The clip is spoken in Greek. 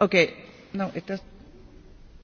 Okay. No, it does.